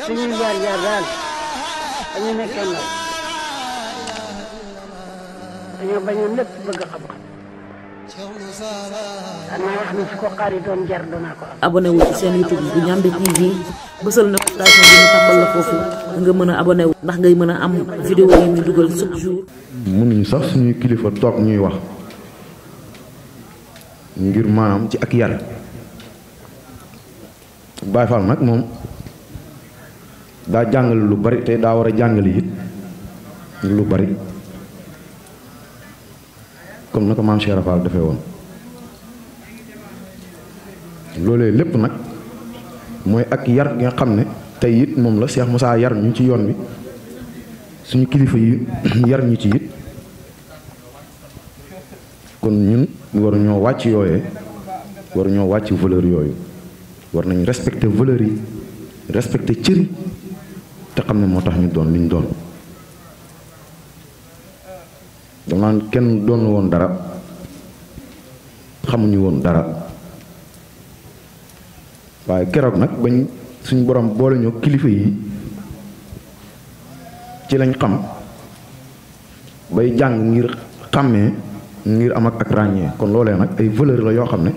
suñu jaar jaar daal dañu nekkee ndaw dañoo bañoon lépp bëgg xam yi doon jar ko am. seen YouTube bu bi ñu tàmbal la foofu nga mën a abonné ndax ngay mën a am vidéo yi ñu dugal chaque jour. mënuñu sax suñuy kilifa toog ñuy wax ngir maanaam ci ak yàlla Baye Fall nag moom. daa jàngale lu bari tey daa war a jàngale it lu bari comme na ko maam Cheikh Fall defee woon loolee lépp nag mooy ak yar nga xam ne tey it moom la Cheikh Moussa yar ñu ci yoon bi suñu kilifa yi yar ñu ci it kon ñun waru ñoo wàcc yooyee waru ñoo wàcc valeur yooyu war nañu respecter valeur yi respecter cëri xam ne moo tax ñu doon li ñu doon damaan kenn doon woon dara xamuñu woon dara waaye keroog nag bañ suñ borom boole ñu kilifa yi ci lañ xam bay jàng ngir xàmmee ngir am ak ak ràññee kon loolee nag ay valeur la yoo xam ne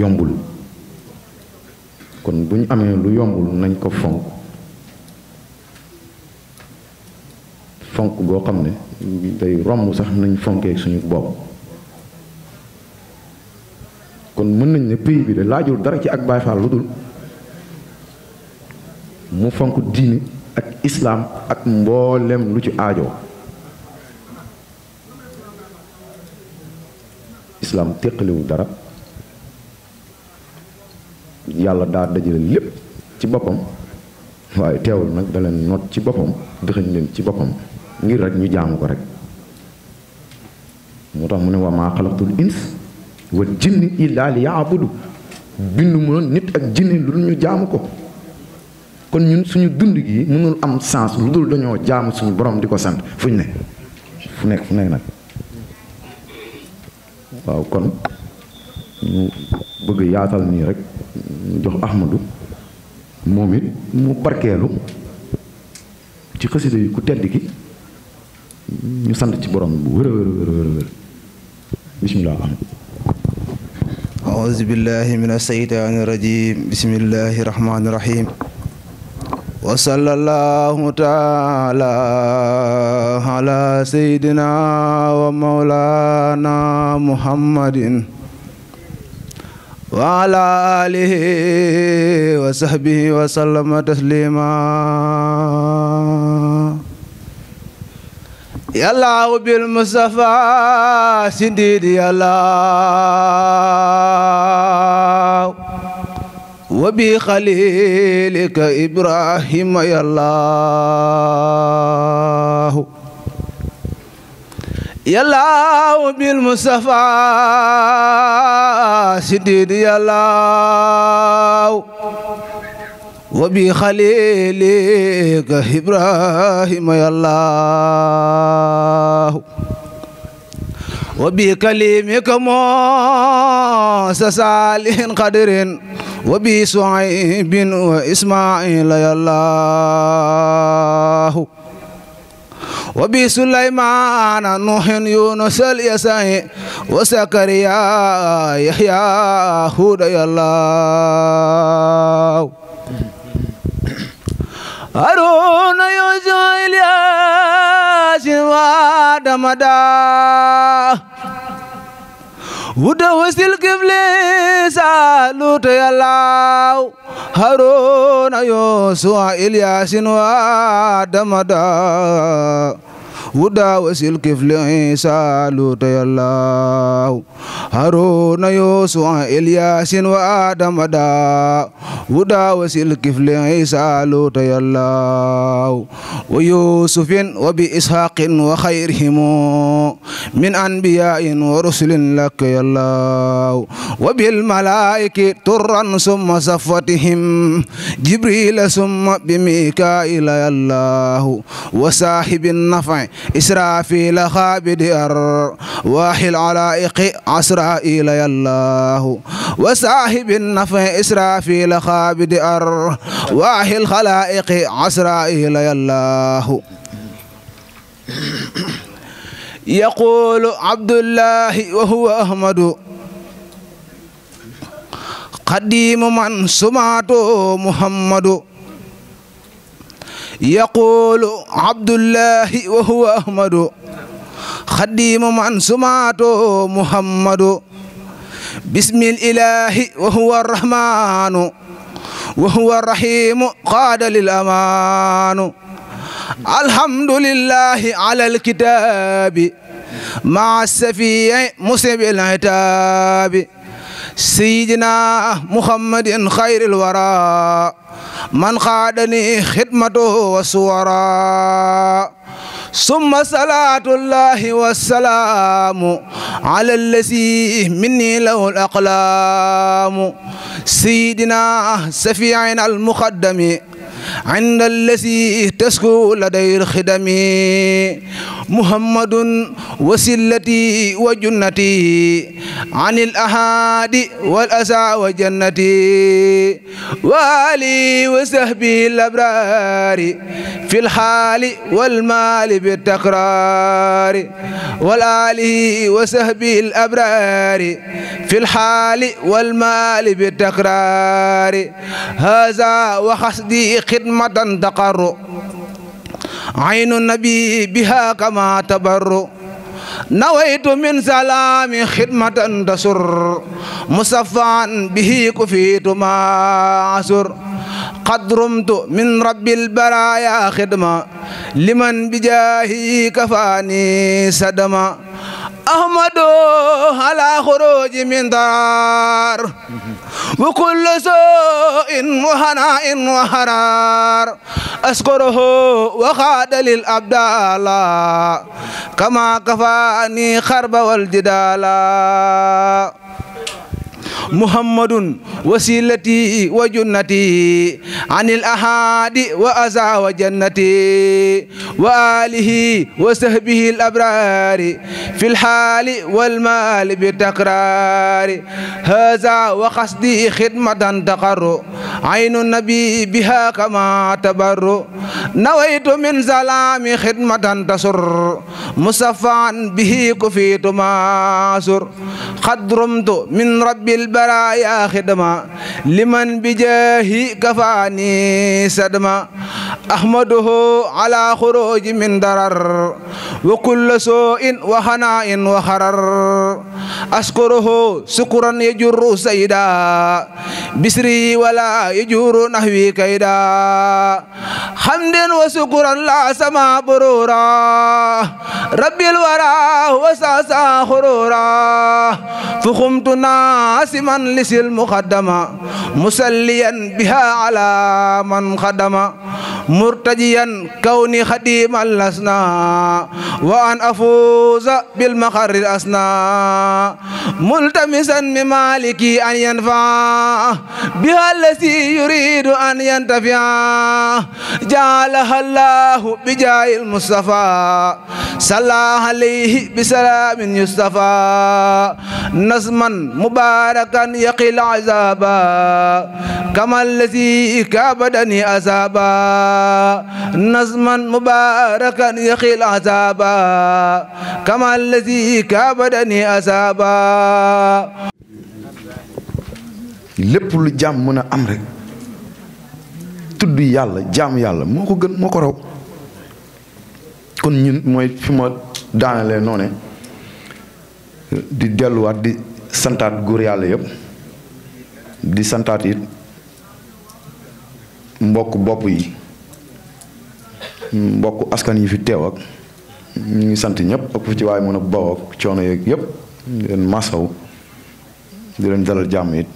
yombul kon bu ñu amee lu yombul nañ ko fonk fonk goo xam ne day romb sax nañ fonkee suñu bopp kon mën nañ ne pays bi de laajul dara ci ak Baay Faal lu dul mu fonk diini ak islaam ak mboolem lu ci aajoo islaam téqaliwul dara yàlla daa dajale lépp ci boppam waaye teewul nag da leen noot ci boppam dëxëñ leen ci boppam ngir rek ñu jaamu ko rek moo tax mu ne wa maa xalaqtul ins wa jinni illaa li yaabudu bindu mu noon nit ak jinne lu dul ñu jaamu ko kon ñun suñu dund gi mënul am sens lu dul dañoo jaamu suñu borom di ko sant fu ñu ne fu nekk fu nekk nag waaw kon ñu bëgg yaatal nii rek ñu jox Ahmadu moom it mu barkeelu ci xasida yi ku tedd ki ñu sant ci borom bu wér wér wér wér wér bismillah أعوذ بالله من الشيطان الرجيم بسم الله الرحمن الرحيم وصلى الله تعالى على سيدنا ومولانا محمد وعلى آله وصحبه وسلم تسليما يلا بالمصطفى سنديد يلا وبخليلك إبراهيم يا الله يا الله بالمصطفى يا الله وبخليلك إبراهيم يا الله وبكلمك موسى صالح قدر وبشعيب وإسماعيل يا الله وبسليمان نوح يونس اليسع وسكريا يحيى هدى يا الله haruna yo joyli asim adamada wuda wasil kibli saluto yalaw haruna yo suwa ilyasin wa adamada ودا وسلك فلي لوت يالله هارون يوسف إلياس وآدم دا ودا وسلك فلي لوت يالله ويوسف وبإسحاق وخيرهم من أنبياء ورسل لك يالله وبالملائكة ترا ثم صفتهم جبريل ثم بميكائيل يالله وصاحب النفع إسرافيل خابد أر العلائق علائق عسرائيل يالله وصاحب النفع إسرافيل خابد أر الخلائق خلائق عسرائيل يالله يقول عبد الله وهو أحمد قديم من سمعته محمد يقول عبد الله وهو أحمد خديم من سماته محمد بسم الإله وهو الرحمن وهو الرحيم قاد للأمان الحمد لله على الكتاب مع السفي مسيب العتاب سيدنا محمد خير الوراء من خادني خدمته وسورا ثم صلاة الله والسلام على الذي مني له الأقلام سيدنا سفيعنا المقدم عند الذي تسكو لدي الخدم محمد وسلتي وجنتي عن الأحادي والأسى وجنتي والي وسهبي الأبرار في الحال والمال بالتقرار والآلي وسهبي الأبرار في الحال والمال بالتقرار هذا وحسدي خدمة تقر عين النبي بها كما تبر نويت من سلام خدمة تسر مصفعا به كفيت ما عسر قد رمت من رب البرايا خدمة لمن بجاهي كفاني سدما أحمد على خروج من دار وكل سوء وهناء وحرار أشكره وخاد للأبدال كما كفاني خرب والجدال محمد وسيلتي وجنتي عن الأحادي وأزا وجنتي وآله وسهبه الأبرار في الحال والمال بتقرار هذا وقصدي خدمة تقر عين النبي بها كما تبر نويت من زلام خدمة تسر مصفعا به كفيت ماسر قد رمت من رب البر الورى يا خدمة لمن بجاه كفاني سدمة أحمده على خروج من ضرر وكل سوء وخناء وخرر أشكره شكرا يجر سيدا بسري ولا يجر نحوي كيدا حمدا وشكرا لا سما برورا ربي الورى وساسا خرورا فخمت ناسما لسي المخدمة مسليا بها على من خدم مرتجيا كوني خديما لسنا وأن أفوز بالمخر الأسنى ملتمسا بمالكي أن ينفع بها التي يريد أن ينتفع جعلها الله بجاه المصطفى صلى عليه بسلام يصطفى نظما مباركا يقي العذاب كما الذي كابدني عذابا نظما مباركا يقي العذاب كما الذي كابدني عذابا لب الجام من أمرك تدي am جام tudd yàlla jàmm yàlla moo kon ñun mooy fi ma daanalee noone di delluwaat di santaat góor yàlla yëpp di santaat it mbokk bopp yi mbokk askan yi fi teew ak ñu ngi sant ñëpp ak fu ci waaye mën a baw ak coono yeeg yëpp di leen masaw di leen dalal jàmm it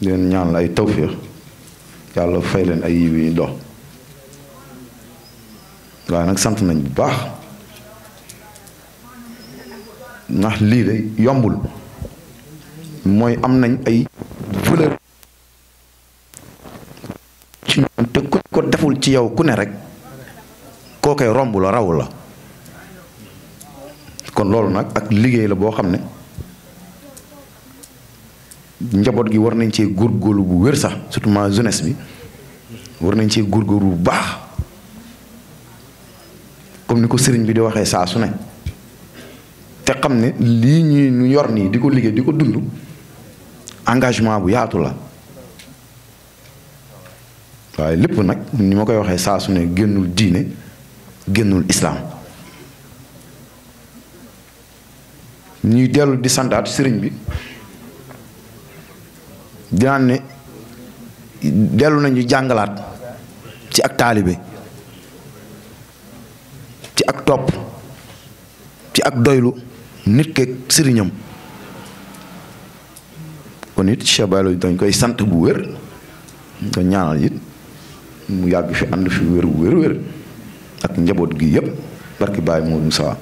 di leen ñaan la ay tawféex yàlla fay leen ay yiw yi dox waaw nag sant nañ bu baax ndax lii de yombul mooy am nañ ay valeur ci ñoom te ku ko deful ci yow ku ne rek koo koy romb la raw la kon loolu nag ak liggéey la boo xam ne njaboot gi war nañ cee góorgóorlu bu wér sax surtout ma bi war nañ cee góorgóorlu bu baax comme ni ko sëriñ bi di waxee saasu su ne te xam ne lii ñuy ñu yor nii di ko liggéey di ko dund engagement bu yaatu la waaye lépp nag ni ma koy waxee saasu ne génnul diine génnul islaam ñuy dellu di santaat sëriñ bi dinaan ne dellu nañu jàngalaat ci ak taalibe topp ci ak doylu nit keeg sëriñam kon it chabalo dañ koy sant bu wér nga ñaanal it mu yàgg fi ànd fi wér wér wér ak njaboot gi yépp barki bàyyi moo mu sawa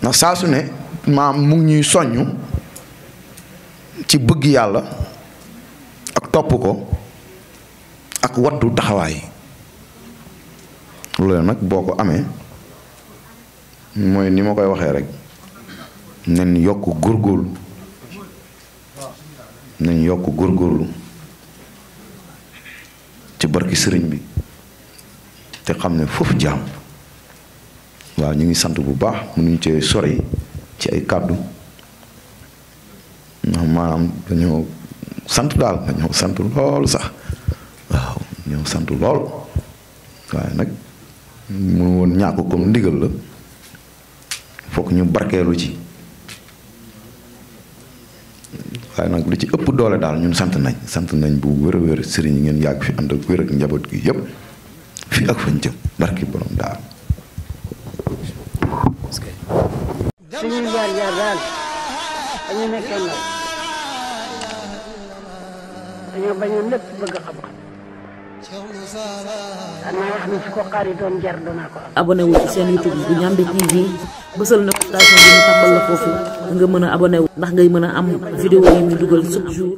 ndax saa su ne maam mu ñuy soññ ci bëgg yàlla ak topp ko ak wattu taxawaay loolu nag boo ko amee mooy ni ma koy waxee rek nañ yokk góorgóorlu nañ yokk góorgóorlu ci barki sëriñ bi te xam ne foofu jaam waa ñu ngi sant bu baax mënuñ cee sori ci ay kàddu ndax maanaam dañoo sant daal dañoo santu lool sax waaw ñoo sant lool waaye nag mun woon ñàkk comme ndigal la fokk ñu barkeelu ci waaye nag lu ci ëpp doole daal ñun sant nañ sant nañ bu wér a wér sëriñ yi ngeen yàgg fi ànd ak wér ak njaboot gi yëpp fi ak fañ jëm barki borom daal. xanaa wax ni su ko xari doon jar danaa ko am. abonné seen YouTube bu Ndiamé TV bësal bi ñu tàmbal la foofu nga mën a abonné ndax ngay mën a am vidéo yi ñu dugal chaque jour.